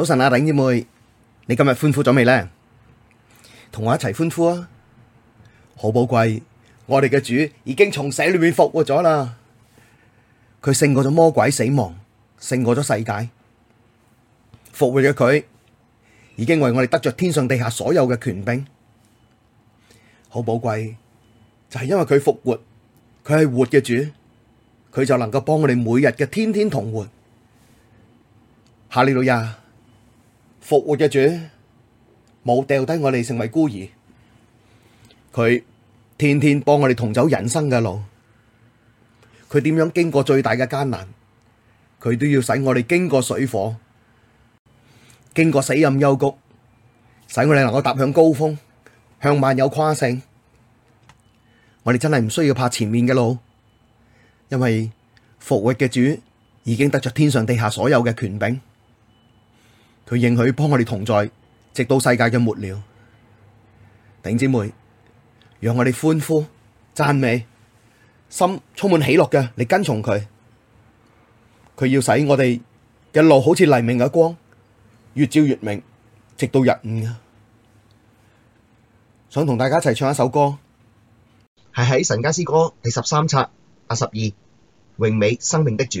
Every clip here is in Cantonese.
早晨啊，頂姐妹，你今日歡呼咗未呢？同我一齊歡呼啊！好寶貴，我哋嘅主已經從死裏面復活咗啦。佢勝過咗魔鬼死亡，勝過咗世界。復活咗，佢已經為我哋得着天上地下所有嘅權柄。好寶貴，就係因為佢復活，佢係活嘅主，佢就能夠幫我哋每日嘅天天同活。哈利路亞。復活嘅主冇掉低我哋成為孤兒，佢天天幫我哋同走人生嘅路，佢點樣經過最大嘅艱難，佢都要使我哋經過水火，經過死蔭幽谷，使我哋能夠踏向高峰，向萬有跨勝。我哋真係唔需要怕前面嘅路，因為復活嘅主已經得着天上地下所有嘅權柄。佢應許幫我哋同在，直到世界嘅末了。頂姊妹，讓我哋歡呼讚美，心充滿喜樂嘅，嚟跟從佢。佢要使我哋嘅路好似黎明嘅光，越照越明，直到日午。想同大家一齊唱一首歌，係喺《神家詩歌》第十三冊八十二，榮美生命的主。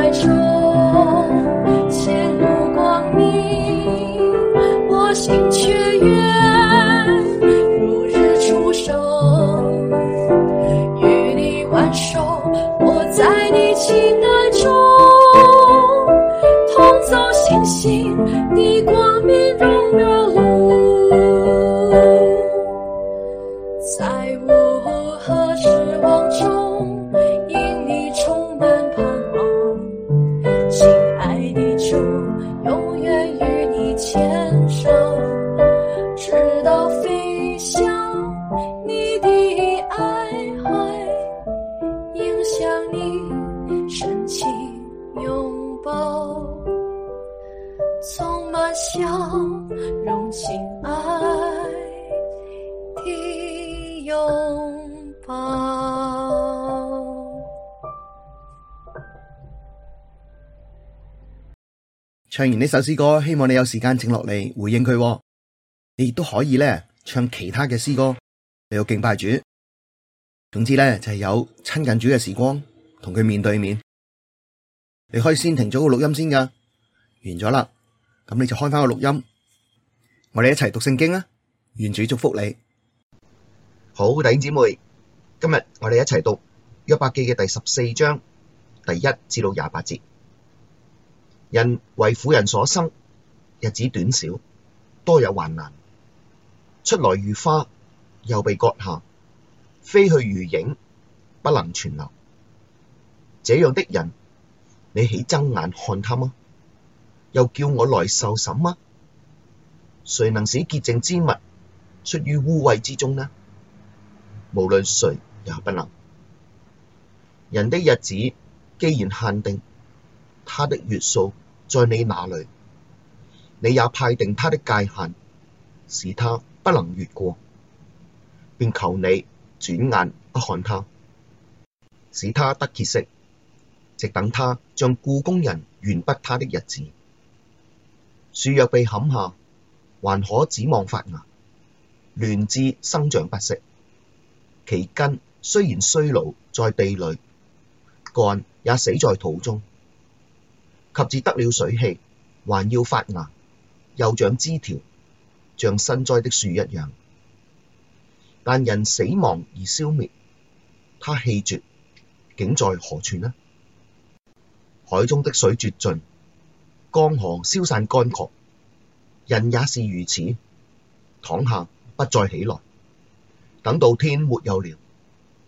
懷中。唱完呢首詩歌，希望你有時間靜落嚟回應佢喎。你亦都可以咧唱其他嘅詩歌，你要敬拜主。總之咧就係、是、有親近主嘅時光，同佢面對面。你可以先停咗個錄音先噶，完咗啦，咁你就開翻個錄音，我哋一齊讀聖經啊！願主祝福你。好，弟兄姊妹，今日我哋一齊讀約伯記嘅第十四章第一至到廿八節。人為婦人所生，日子短少，多有患難。出來如花，又被割下；飛去如影，不能存留。這樣的人，你豈睜眼看他嗎？又叫我來受審嗎？誰能使潔淨之物出於污穢之中呢？無論誰也不能。人的日子既然限定。他的月數在你那裡，你也派定他的界限，使他不能越過，便求你轉眼不看他，使他得歇息，直等他像雇工人完畢他的日子。樹若被砍下，還可指望發芽，嫩枝生長不息。其根雖然衰老在地裡，幹也死在土中。及至得了水氣，還要發芽，又長枝條，像新栽的樹一樣。但人死亡而消滅，他氣絕，竟在何處呢？海中的水絕盡，江河消散乾涸，人也是如此，躺下不再起來。等到天沒有了，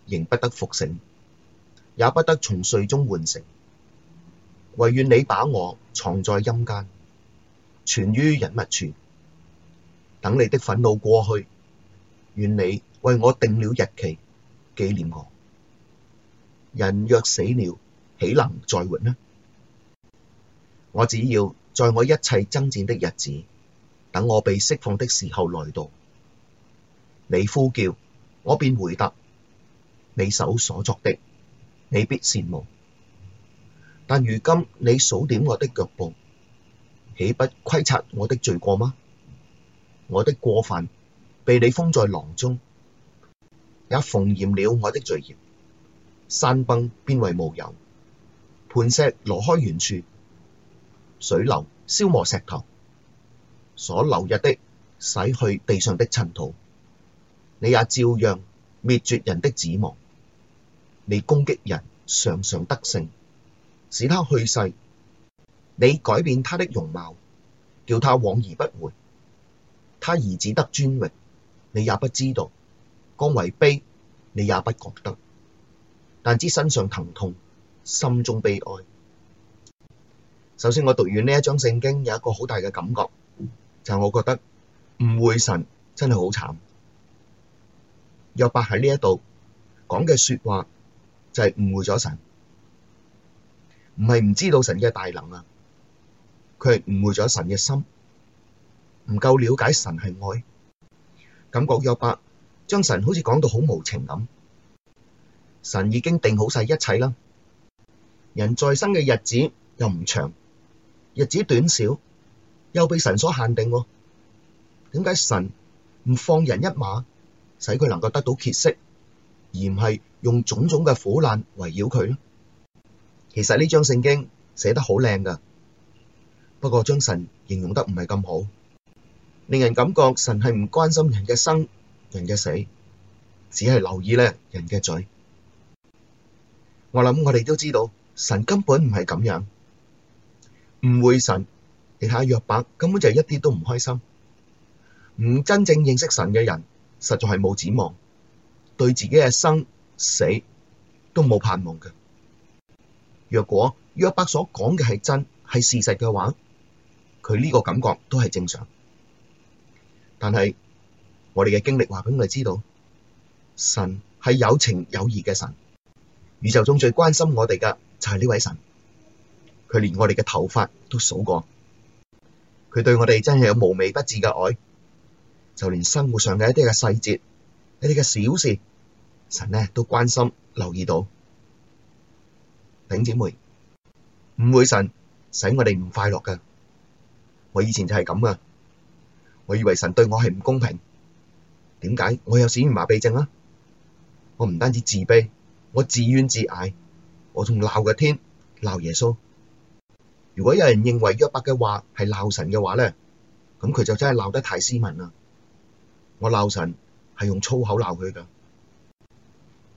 仍不得復醒，也不得從睡中喚醒。唯願你把我藏在陰間，存於隱密處，等你的憤怒過去。願你為我定了日期，紀念我。人若死了，豈能再活呢？我只要在我一切爭戰的日子，等我被釋放的時候來到，你呼叫，我便回答。你手所作的，你必羨慕。但如今你數點我的腳步，豈不窺察我的罪過嗎？我的過犯被你封在囊中，也縫嚴了我的罪孽，山崩變為無有，磐石挪開原處，水流消磨石頭，所流溢的洗去地上的塵土。你也照樣滅絕人的指望，你攻擊人常常得勝。使他去世，你改變他的容貌，叫他往而不回。他兒子得尊榮，你也不知道；降為卑，你也不覺得。但知身上疼痛，心中悲哀。首先，我讀完呢一章聖經，有一個好大嘅感覺，就係、是、我覺得誤會神真係好慘。約伯喺呢一度講嘅說話，就係誤會咗神。唔係唔知道神嘅大能啊，佢係誤會咗神嘅心，唔夠了解神係愛。感覺約伯，將神好似講到好無情咁，神已經定好晒一切啦。人在生嘅日子又唔長，日子短少，又被神所限定。點解神唔放人一馬，使佢能夠得到歇息，而唔係用種種嘅苦難圍繞佢呢？其實呢張聖經寫得好靚噶，不過將神形容得唔係咁好，令人感覺神係唔關心人嘅生人嘅死，只係留意咧人嘅罪。我諗我哋都知道，神根本唔係咁樣。誤會神，你睇下約伯根本就係一啲都唔開心，唔真正認識神嘅人，實在係冇指望，對自己嘅生死都冇盼望嘅。若果約伯所講嘅係真，係事實嘅話，佢呢個感覺都係正常。但係我哋嘅經歷話畀我哋知道，神係有情有義嘅神，宇宙中最關心我哋嘅就係呢位神。佢連我哋嘅頭髮都數過，佢對我哋真係有無微不至嘅愛，就連生活上嘅一啲嘅細節、一啲嘅小事，神呢都關心留意到。頂姐妹誤會神使我哋唔快樂噶。我以前就係咁啊，我以為神對我係唔公平。點解？我有小兒麻痹症啊！我唔單止自卑，我自怨自艾，我仲鬧個天鬧耶穌。如果有人認為約伯嘅話係鬧神嘅話咧，咁佢就真係鬧得太斯文啦。我鬧神係用粗口鬧佢噶，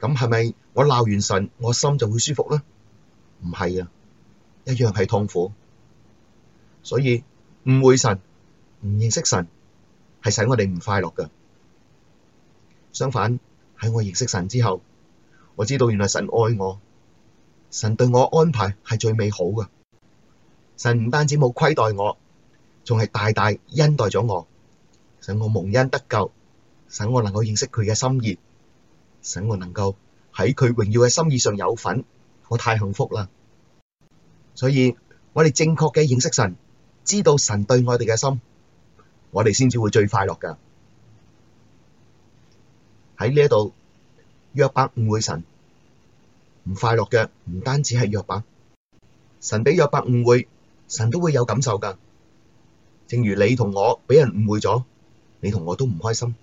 咁係咪我鬧完神我心就會舒服咧？唔係啊，一樣係痛苦。所以誤會神、唔認識神，係使我哋唔快樂噶。相反，喺我認識神之後，我知道原來神愛我，神對我安排係最美好噶。神唔單止冇虧待我，仲係大大恩待咗我。使我蒙恩得救，使我能夠認識佢嘅心意，使我能夠喺佢榮耀嘅心意上有份。我太幸福啦，所以我哋正確嘅認識神，知道神對我哋嘅心，我哋先至會最快樂噶。喺呢一度，約伯誤會神唔快樂嘅，唔單止係約伯，神畀約伯誤會，神都會有感受噶。正如你同我畀人誤會咗，你同我都唔開心，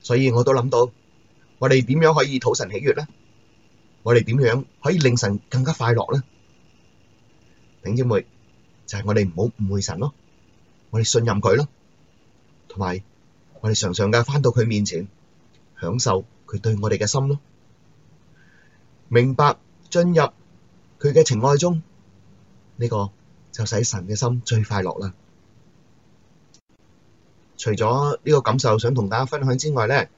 所以我都諗到，我哋點樣可以討神喜悦咧？我哋點樣可以令神更加快樂咧？並且我哋就係我哋唔好誤會神咯，我哋信任佢咯，同埋我哋常常嘅返到佢面前享受佢對我哋嘅心咯，明白進入佢嘅情愛中呢個就使神嘅心最快樂啦。除咗呢個感受想同大家分享之外咧，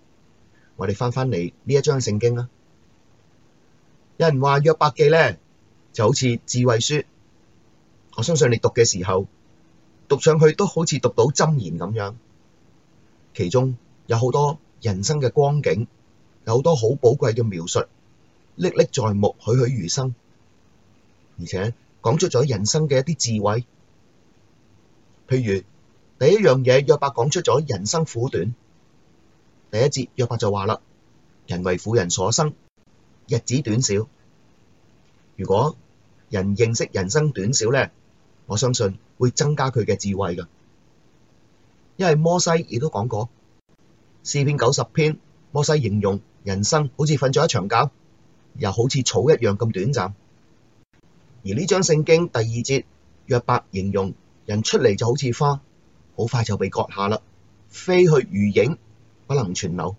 我哋返返嚟呢一章聖經啦。有人話約伯記咧就好似智慧書，我相信你讀嘅時候，讀上去都好似讀到箴言咁樣。其中有好多人生嘅光景，有好多好寶貴嘅描述，歷歷在目，栩栩如生。而且講出咗人生嘅一啲智慧，譬如第一樣嘢，約伯講出咗人生苦短。第一節約伯就話啦：人為婦人所生。日子短少，如果人認識人生短少呢，我相信會增加佢嘅智慧㗎。因為摩西亦都講過，詩篇九十篇，摩西形容人生好似瞓咗一場覺，又好似草一樣咁短暫。而呢張聖經第二節，約伯形容人出嚟就好似花，好快就被割下啦，飛去如影，不能存留。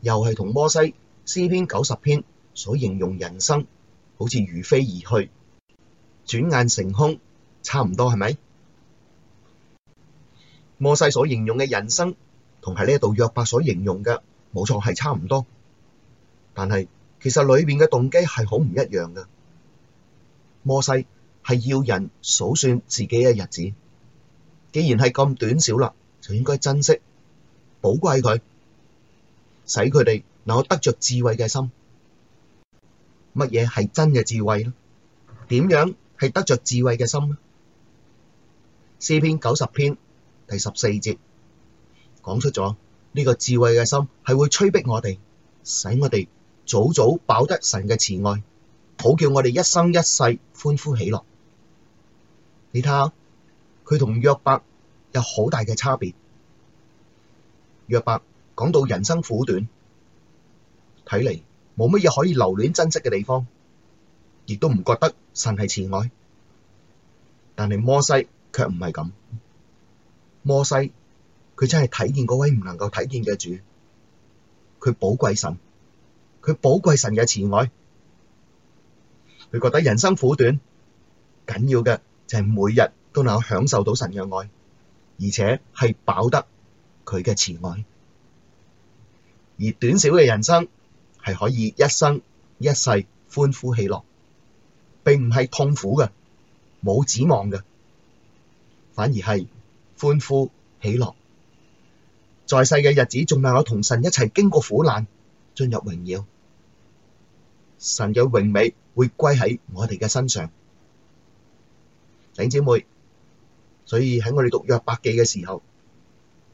又係同摩西。詩篇九十篇所形容人生好似如飛而去，轉眼成空，差唔多係咪？摩西所形容嘅人生同係呢度約伯所形容嘅冇錯係差唔多，但係其實裏面嘅動機係好唔一樣嘅。摩西係要人數算自己嘅日子，既然係咁短小啦，就應該珍惜、寶貴佢，使佢哋。嗱，我得着智慧嘅心，乜嘢係真嘅智慧咧？點樣係得着智慧嘅心咧？詩篇九十篇第十四節講出咗呢、這個智慧嘅心係會催逼我哋，使我哋早早飽得神嘅慈愛，好叫我哋一生一世歡呼喜樂。你睇下，佢同約伯有好大嘅差別。約伯講到人生苦短。睇嚟冇乜嘢可以留戀珍惜嘅地方，亦都唔覺得神係慈愛。但係摩西卻唔係咁，摩西佢真係睇見嗰位唔能夠睇見嘅主，佢寶貴神，佢寶貴神嘅慈愛，佢覺得人生苦短，緊要嘅就係每日都能享受到神嘅愛，而且係飽得佢嘅慈愛，而短小嘅人生。係可以一生一世歡呼喜樂，並唔係痛苦嘅、冇指望嘅，反而係歡呼喜樂。在世嘅日子，仲能夠同神一齊經過苦難，進入榮耀。神嘅榮美會歸喺我哋嘅身上，頂姊妹。所以喺我哋讀約伯記嘅時候，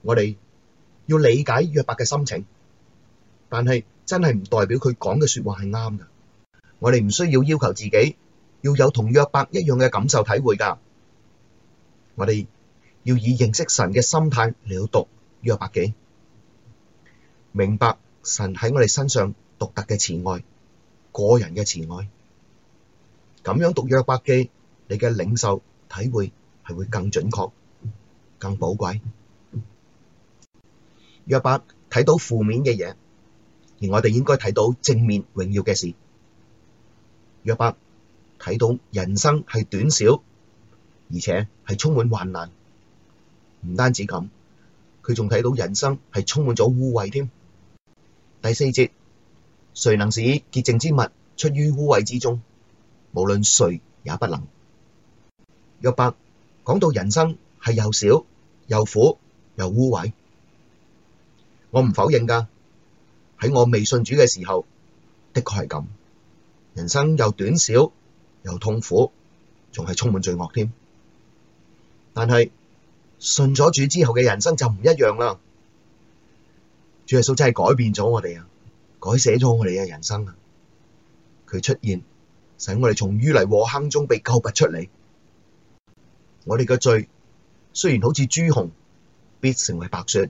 我哋要理解約伯嘅心情，但係，真係唔代表佢講嘅說話係啱噶，我哋唔需要要求自己要有同約伯一樣嘅感受體會噶，我哋要以認識神嘅心態嚟去讀約伯記，明白神喺我哋身上獨特嘅慈愛、個人嘅慈愛，咁樣讀約伯記，你嘅領受體會係會更準確、更寶貴。約伯睇到負面嘅嘢。而我哋應該睇到正面榮耀嘅事。約伯睇到人生係短少，而且係充滿患難。唔單止咁，佢仲睇到人生係充滿咗污穢添。第四節，誰能使潔淨之物出於污穢之中？無論誰也不能。約伯講到人生係又少又苦又污穢，我唔否認噶。喺我未信主嘅時候，的確係咁，人生又短少，又痛苦，仲係充滿罪惡添。但係信咗主之後嘅人生就唔一樣啦。主耶穌真係改變咗我哋啊，改寫咗我哋嘅人生啊。佢出現，使我哋從淤泥禍坑中被救拔出嚟。我哋嘅罪雖然好似朱紅，必成為白雪；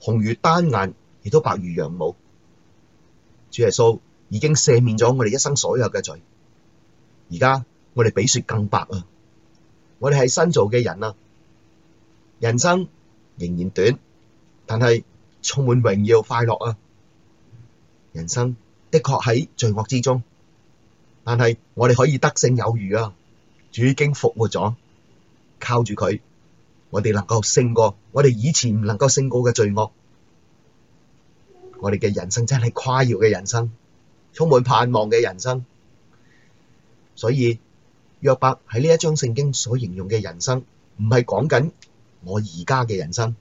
紅如丹顏，亦都白如羊毛。主耶穌已經赦免咗我哋一生所有嘅罪，而家我哋比雪更白啊！我哋係新造嘅人啊！人生仍然短，但係充滿榮耀快樂啊！人生的確喺罪惡之中，但係我哋可以得勝有餘啊！主已經復活咗，靠住佢，我哋能夠勝過我哋以前唔能夠勝過嘅罪惡。我哋嘅人生真係誇耀嘅人生，充滿盼望嘅人生。所以約伯喺呢一章聖經所形容嘅人生，唔係講緊我而家嘅人生，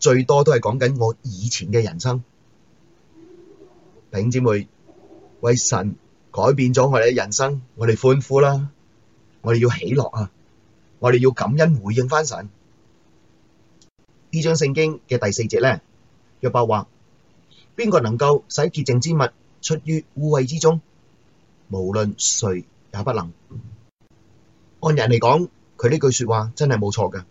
最多都係講緊我以前嘅人生。弟兄姊妹為神改變咗我哋嘅人生，我哋歡呼啦！我哋要喜樂啊！我哋要感恩回應返神。呢章聖經嘅第四節咧，約伯話。邊個能夠使潔淨之物出於污穢之中？無論誰也不能。按人嚟講，佢呢句說話真係冇錯㗎。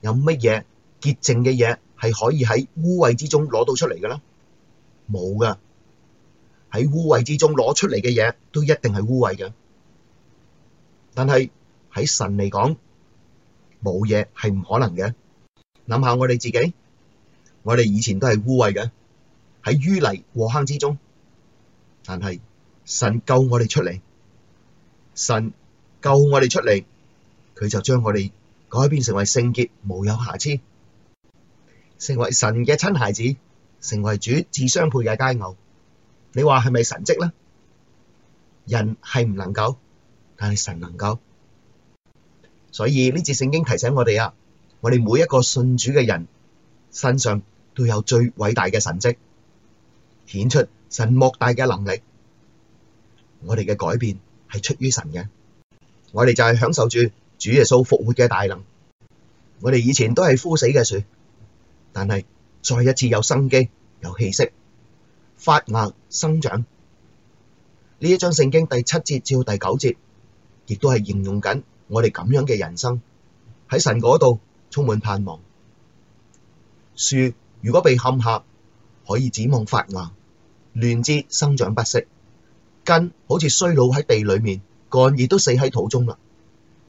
有乜嘢潔淨嘅嘢係可以喺污穢之中攞到出嚟嘅咧？冇噶。喺污穢之中攞出嚟嘅嘢都一定係污穢嘅。但係喺神嚟講，冇嘢係唔可能嘅。諗下我哋自己，我哋以前都係污穢嘅。喺淤泥和坑之中，但係神救我哋出嚟，神救我哋出嚟，佢就將我哋改變成為聖潔，無有瑕疵，成為神嘅親孩子，成為主至相配嘅佳偶。你話係咪神蹟咧？人係唔能夠，但係神能夠，所以呢節聖經提醒我哋啊，我哋每一個信主嘅人身上都有最偉大嘅神蹟。顯出神莫大嘅能力，我哋嘅改變係出於神嘅，我哋就係享受住主耶穌復活嘅大能。我哋以前都係枯死嘅樹，但係再一次有生機、有氣息、發芽生長。呢一章聖經第七節至到第九節，亦都係形容緊我哋咁樣嘅人生喺神嗰度充滿盼望。樹如果被砍下，可以指望發芽、嫩枝、生長不息，根好似衰老喺地裏面，幹也都死喺土中啦。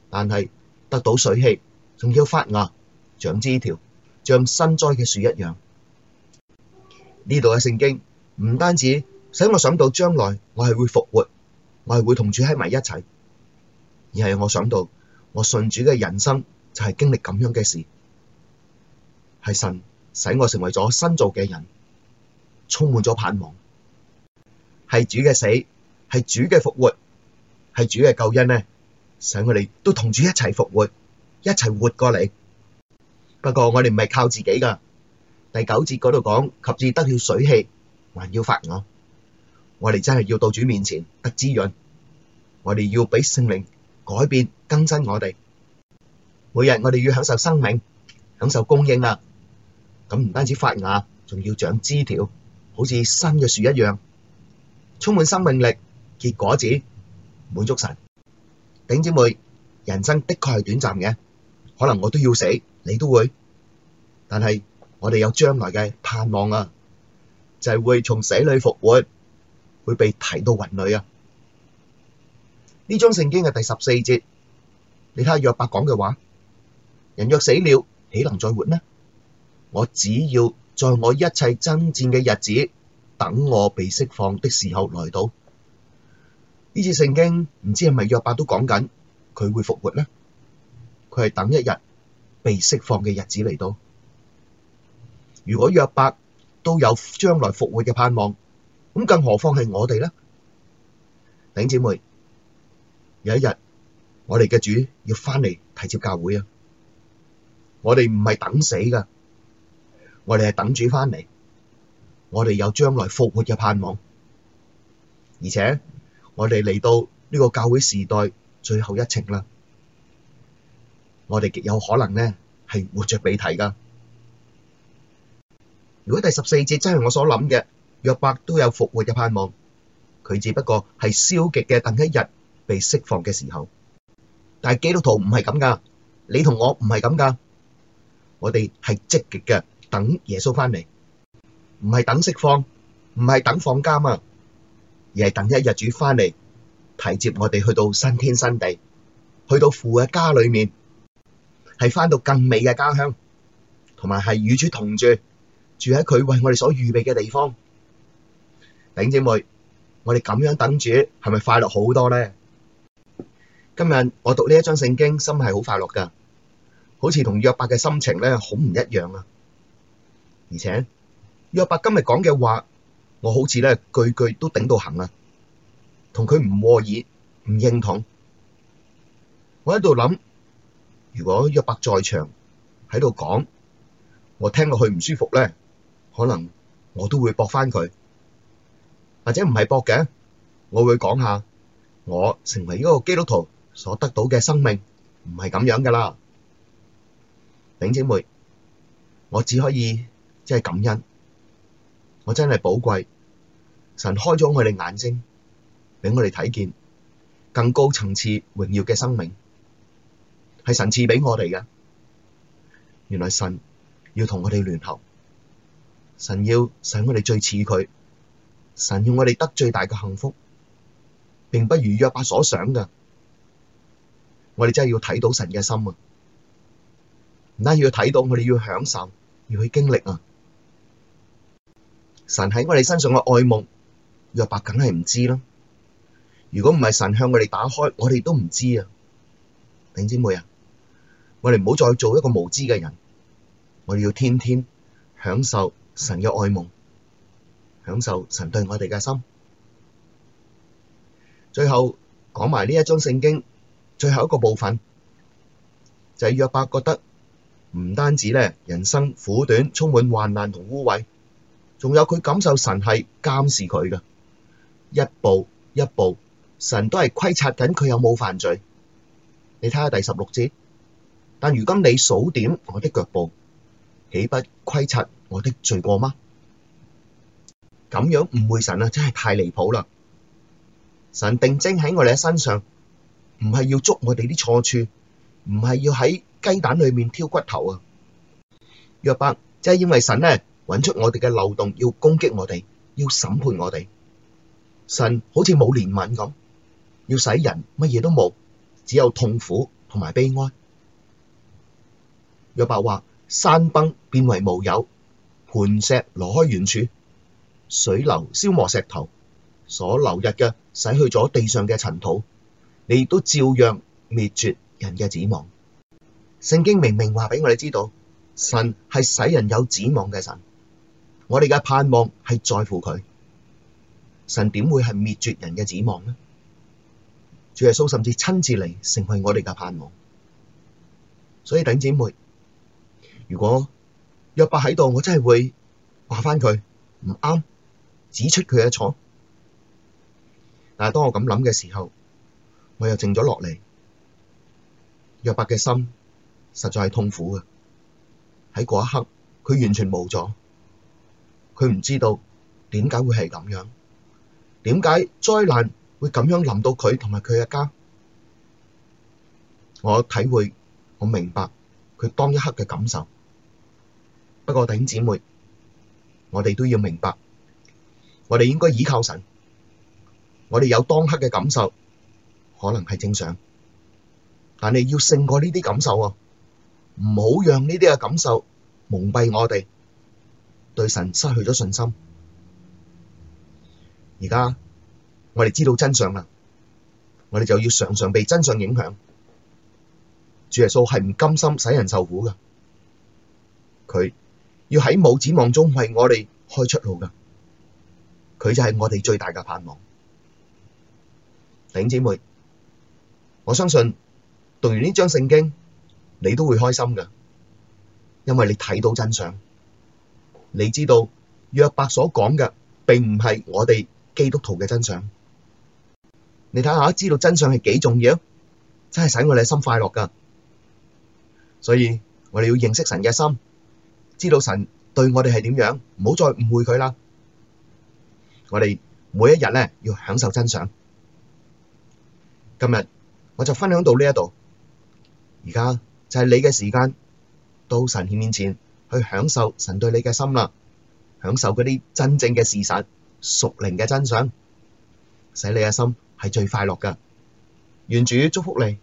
但係得到水氣，仲要發芽、長枝條，像新栽嘅樹一樣。呢度嘅聖經唔單止使我想到將來我係會復活，我係會同主喺埋一齊，而係我想到我信主嘅人生就係經歷咁樣嘅事，係神使我成為咗新造嘅人。充滿咗盼望，係主嘅死，係主嘅復活，係主嘅救恩呢，想我哋都同主一齊復活，一齊活過嚟。不過我哋唔係靠自己噶。第九節嗰度講，及至得了水氣，還要發芽。我哋真係要到主面前得滋潤，我哋要俾聖靈改變更新我哋。每日我哋要享受生命，享受供應啊！咁唔單止發芽，仲要長枝條。好似新嘅樹一樣，充滿生命力，結果子滿足神。頂姐妹，人生的確係短暫嘅，可能我都要死，你都會。但係我哋有將來嘅盼望啊，就係、是、會從死裏復活，會被提到雲裏啊。呢章聖經嘅第十四節，你睇下約伯講嘅話：人若死了，豈能再活呢？我只要。在我一切爭戰嘅日子，等我被釋放的時候來到。呢節聖經，唔知係咪約伯都講緊佢會復活咧？佢係等一日被釋放嘅日子嚟到。如果約伯都有將來復活嘅盼望，咁更何況係我哋呢？弟兄姊妹，有一日我哋嘅主要翻嚟提接教會啊！我哋唔係等死噶。我哋係等主返嚟，我哋有將來復活嘅盼望，而且我哋嚟到呢個教會時代最後一程啦。我哋極有可能咧係活着被提噶。如果第十四節真係我所諗嘅，約伯都有復活嘅盼望，佢只不過係消極嘅等一日被釋放嘅時候。但係基督徒唔係咁噶，你同我唔係咁噶，我哋係積極嘅。等耶穌翻嚟，唔係等釋放，唔係等放監啊，而係等一日主翻嚟，提接我哋去到新天新地，去到父嘅家裏面，係翻到更美嘅家鄉，同埋係與主同住，住喺佢為我哋所預備嘅地方。弟兄姐妹，我哋咁樣等住係咪快樂好多咧？今日我讀呢一章聖經，心係好快樂噶，好似同約伯嘅心情咧好唔一樣啊！而且約伯今日講嘅話，我好似咧句句都頂到行啊，同佢唔和議唔認同。我喺度諗，如果約伯在場喺度講，我聽落去唔舒服咧，可能我都會駁返佢，或者唔係駁嘅，我會講下我成為一個基督徒所得到嘅生命唔係咁樣噶啦。丙姐妹，我只可以。真係感恩，我真係寶貴。神開咗我哋眼睛，畀我哋睇見更高層次榮耀嘅生命，係神賜畀我哋嘅。原來神要同我哋聯合，神要使我哋最似佢，神要我哋得最大嘅幸福，並不如約伯所想嘅。我哋真係要睇到神嘅心啊！唔單要睇到，我哋要享受，要去經歷啊！神喺我哋身上嘅愛慕，約伯梗係唔知啦。如果唔係神向我哋打開，我哋都唔知啊。頂知冇人，我哋唔好再做一個無知嘅人。我哋要天天享受神嘅愛慕，享受神對我哋嘅心。最後講埋呢一章聖經最後一個部分，就係約伯覺得唔單止咧，人生苦短，充滿患難同污穢。仲有佢感受神係監視佢嘅，一步一步，神都係窺察緊佢有冇犯罪。你睇下第十六節，但如今你數點我的腳步，豈不窺察我的罪過嗎？咁樣誤會神啊，真係太離譜啦！神定睛喺我哋嘅身上，唔係要捉我哋啲錯處，唔係要喺雞蛋裏面挑骨頭啊！約伯，即係因為神咧。揾出我哋嘅漏洞，要攻擊我哋，要審判我哋。我哋嘅盼望係在乎佢，神點會係滅絕人嘅指望呢？主耶穌甚至親自嚟，成為我哋嘅盼望。所以鄧姐妹，如果約伯喺度，我真係會話返佢唔啱，指出佢嘅錯。但係當我咁諗嘅時候，我又靜咗落嚟。約伯嘅心實在係痛苦嘅，喺嗰一刻，佢完全冇咗。佢唔知道點解會係咁樣，點解災難會咁樣臨到佢同埋佢嘅家？我體會，我明白佢當一刻嘅感受。不過弟兄姊妹，我哋都要明白，我哋應該倚靠神。我哋有當刻嘅感受，可能係正常，但你要勝過呢啲感受啊！唔好讓呢啲嘅感受蒙蔽我哋。對神失去咗信心，而家我哋知道真相啦，我哋就要常常被真相影響。主耶穌係唔甘心使人受苦噶佢要喺冇指望中為我哋開出路噶佢就係我哋最大嘅盼望。弟兄姐妹，我相信讀完呢章聖經，你都會開心噶因為你睇到真相。你知道約伯所講嘅，並唔係我哋基督徒嘅真相。你睇下，知道真相係幾重要，真係使我哋心快樂噶。所以我哋要認識神嘅心，知道神對我哋係點樣，唔好再誤會佢啦。我哋每一日咧要享受真相。今日我就分享到呢一度，而家就係你嘅時間，到神顯面前。去享受神對你嘅心啦，享受嗰啲真正嘅事實、屬靈嘅真相，使你嘅心係最快樂嘅。願主祝福你。